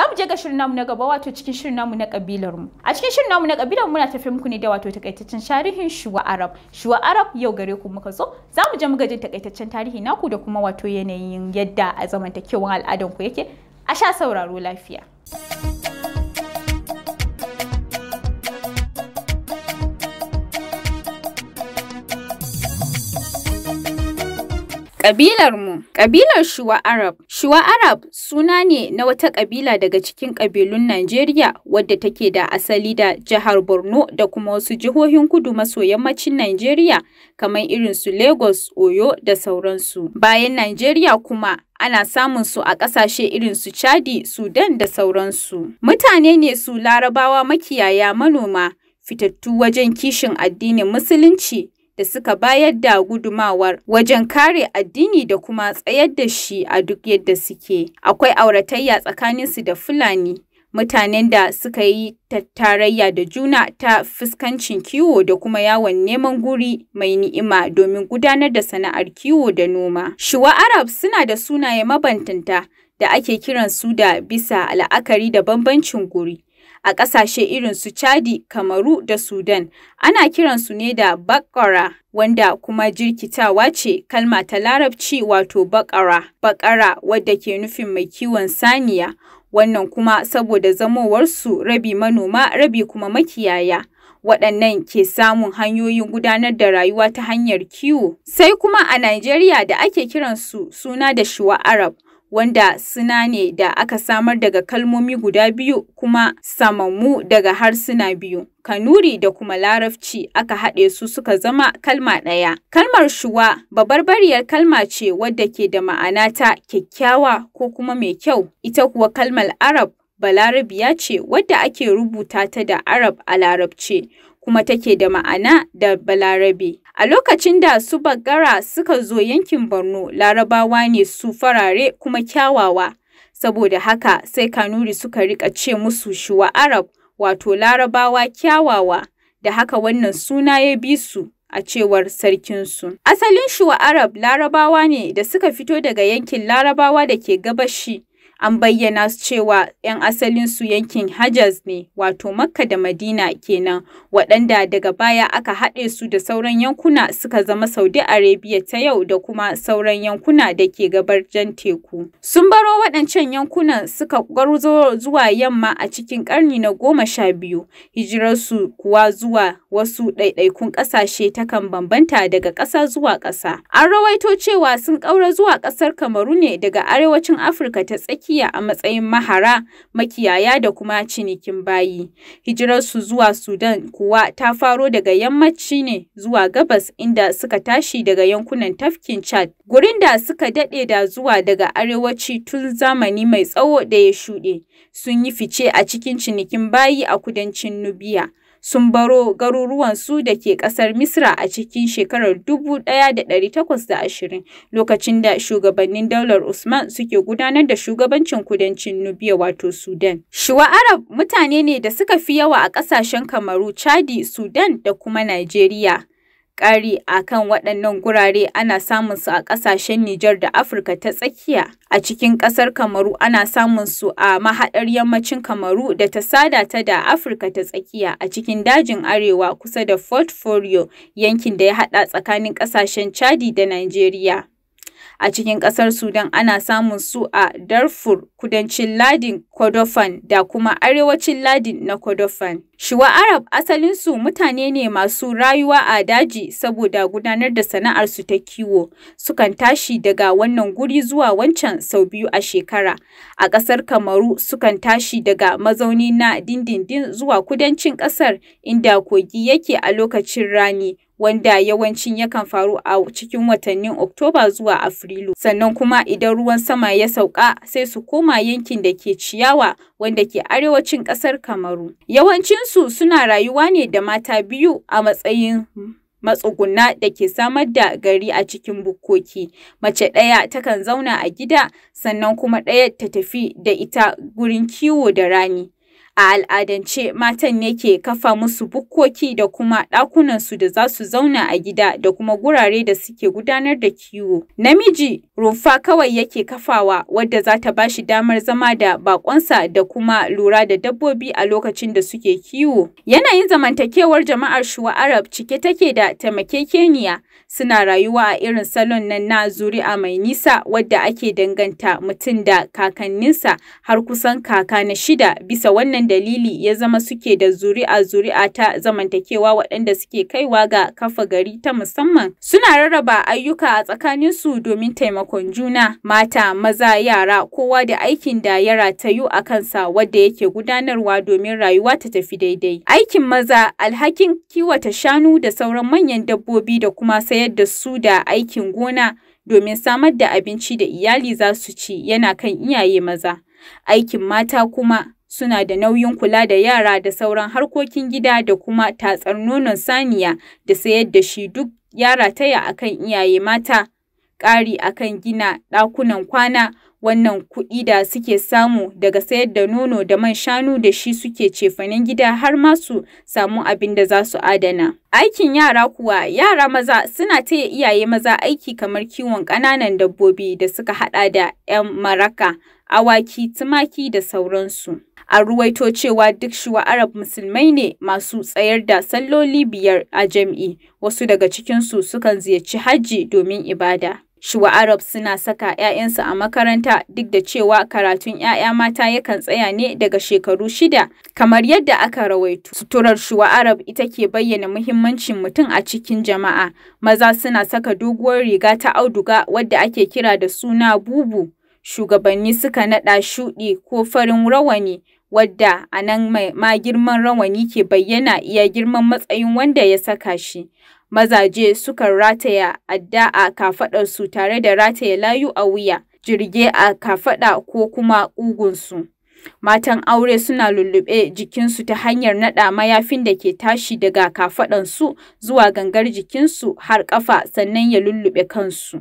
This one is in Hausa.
za mu je ga shirin namu na gaba wato cikin shirin namu na kabilar mu a cikin shirin namu na kabilar muna tafi muku ne da wato takaitaccen tarihin shuwa arab shuwa arab yau gare ku muka zo za mu je mu gajin takaitaccen tarihi naku da kuma wato yanayin yadda a zamantakewan al'adan ku yake a sha sauraro lafiya Ƙabilarmu ƙabilar Shuwa Arab Shuwa Arab suna ne na wata ƙabila daga cikin ƙabilun Najeriya wadda take da asali da jihar Borno da kuma wasu jihohin kudu maso yammacin Najeriya kamar irin su Lagos, Oyo da sauransu. Bayan Najeriya kuma ana samun su a ƙasashe irin su Chadi, Sudan da sauransu. Mutane ne su Larabawa makiyaya manoma fitattu wajen kishin addinin Musulunci. da suka bayar da gudumawar wajen kare addini da kuma tsayar da shi a duk yadda suke. Akwai auratayya tsakaninsu da Fulani, mutanen da suka yi tattarayya da juna ta fuskancin kiwo da kuma yawon neman guri mai ni'ima domin gudanar da sana'ar kiwo da noma. Shuwa Arab suna da sunaye mabantanta da ake kiransu da bisa la'akari da bambancin guri. a ƙasashe irin su Chadi, Kamaru da Sudan. Ana kiransu ne da baƙara wanda kuma jirkitawa ce kalma ta larabci wato baƙara. Baƙara wadda ke nufin mai kiwon saniya. Wannan kuma saboda zamowarsu rabi manoma rabi kuma makiyaya. waɗannan ke samun hanyoyin gudanar da rayuwa ta hanyar kiwo. Sai kuma a Najeriya da ake kiransu suna da shuwa Arab. wanda suna ne da aka samar daga kalmomi guda biyu kuma samammu daga harsuna biyu. Kanuri da kuma Larabci aka haɗe su suka zama kalma ɗaya. Kalmar shuwa babarbariyar kalma ce wadda ke da ma'ana ta kyakkyawa ko kuma mai kyau, ita kuwa kalmar Arab balarabiya ce wadda ake rubuta ta da Arab a Larabce. kuma take da ma'ana da Balarabe. A lokacin da su Baggara suka zo yankin Borno, Larabawa ne su farare kuma kyawawa. Saboda haka sai Kanuri suka riƙa ce musu shuwa Arab, wato Larabawa kyawawa, da haka wannan suna ya bi su. a cewar sarkinsu. Asalin shuwa Arab larabawa ne da suka fito daga yankin larabawa da ke gabashi an bayyana cewa 'yan asalin su yankin Hajaz ne, wato Makka da Madina kenan, waɗanda daga baya aka haɗe su da sauran yankuna suka zama Saudi Arabia ta yau da kuma sauran yankuna da ke gabar jan teku. Sun baro waɗancan yankunan suka gwarzo zuwa yamma a cikin ƙarni na goma sha biyu, hijirarsu kuwa zuwa wasu ɗaiɗaikun ƙasashe takan bambanta daga ƙasa zuwa ƙasa. An rawaito cewa sun ƙaura zuwa ƙasar Kamaru ne daga arewacin Afirka ta tsakiya a matsayin mahara, makiyaya da kuma cinikin bayi. Hijirarsu zuwa Sudan kuwa ta faro daga yammaci ne zuwa gabas inda suka tashi daga yankunan tafkin Chad, gurin da suka daɗe da zuwa daga arewaci tun zamani mai tsawo da ya shuɗe. Sun yi fice a cikin cinikin bayi a kudancin Nubiya. sun baro garuruwansu da ke ƙasar Misra a cikin shekarar 1820 lokacin da shugabannin daular Usman suke gudanar da shugabancin kudancin Nubiya wato Sudan. Shuwa Arab mutane ne da suka fi yawa a ƙasashen Kamaru, Chadi, Sudan da kuma Najeriya. Ƙari a kan waɗannan gurare ana samun su a ƙasashen Nijar da Afirka ta tsakiya. A cikin ƙasar Kamaru ana samun su a mahaɗar yammacin Kamaru da ta sada ta da Afirka ta tsakiya a cikin dajin arewa kusa da Fort Folio yankin da ya haɗa tsakanin ƙasashen Chadi da Najeriya. A cikin ƙasar Sudan ana samun su a Darfur, kudancin ladin Kordofan da kuma arewacin ladin na Kordofan. Shuwa Arab asalin su mutane ne masu rayuwa a daji saboda gudanar da sana'ar su ta kiwo. Sukan tashi daga wannan guri zuwa wancan sau biyu a shekara. A ƙasar Kamaru sukan tashi daga mazauni na dindindin zuwa kudancin ƙasar inda kogi yake a lokacin rani. wanda yawancin yakan faru a cikin watannin Oktoba zuwa Afrilu. Sannan kuma idan ruwan sama ya sauka sai su koma yankin da ke ciyawa wanda ke arewacin ƙasar Kamaru. Yawancinsu suna rayuwa ne da mata biyu a matsayin matsuguna da ke samar da gari a cikin bukkoki. Mace ɗaya takan zauna a gida sannan kuma ɗaya ta tafi da ita gurin kiwo da rani. A al'adance matan ne ke kafa musu bukkoki da kuma ɗakunansu da za su zauna a gida da kuma gurare da suke gudanar da kiwo. Namiji rumfa kawai yake kafawa wadda za ta ba shi damar zama da bakonsa da kuma lura da dabbobi a lokacin da suke kiwo. Yanayin zamantakewar jama'ar Shuwa Arab cike take da taimakekeniya suna rayuwa a irin salon nan na zuri'a mai nisa wadda ake danganta mutum da kakanninsa har kusan kaka na shida bisa wannan dalili ya zama suke da zuri'a-zuri'a ta zamantakewa waɗanda suke kaiwa ga kafa gari ta musamman. Suna rarraba ayyuka a tsakanin su domin taimakon juna, mata, maza, yara, kowa da aikin da ya ratayu a kansa wadda yake gudanarwa domin rayuwa ta tafi daidai. Aikin maza alhakin kiwata shanu da sauran manyan dabbobi da kuma sayar da su da aikin gona domin samar da abinci da iyali za su ci yana kan iyaye maza. Aikin mata kuma suna da nauyin kula da yara da sauran harkokin gida da kuma tatsar nonon saniya da sayar da shi duk yara taya akan iyaye mata, ƙari akan gina ɗakunan kwana wannan kuɗi da suke samu daga sayar da nono da man shanu da shi suke cefanen gida har ma su samu abin da za su adana. Aikin yara kuwa yara maza suna taya iyaye maza aiki kamar kiwon ƙananan dabbobi da suka haɗa da 'yan maraka, awaki, tumaki da sauransu. a ruwaito cewa duk shuwa Arab musulmai ne masu tsayar da salloli biyar a jam'i, wasu daga cikinsu sukan ziyarci hajji domin ibada. Shuwa Arab suna saka 'ya'yansu a makaranta duk da cewa karatun 'ya'ya mata yakan tsaya ne daga shekaru shida, kamar yadda aka rawaitu. Suturar Shuwa Arab ita ke bayyana muhimmancin mutum a cikin jama'a. Maza suna saka doguwar riga ta auduga wadda ake kira da suna bubu. Shugabanni suka naɗa shuɗi ko farin rawani wadda a nan ma girman rawani ke bayyana iya girman matsayin wanda ya saka shi. mazaje sukan rataya adda a kafaɗarsu tare da rataya layu a wuya, jirge a kafaɗa ko kuma ƙugunsu. Matan aure suna lullube jikinsu ta hanyar naɗa mayafin da ke tashi daga kafaɗansu zuwa gangar jikinsu har ƙafa sannan ya lullube kansu.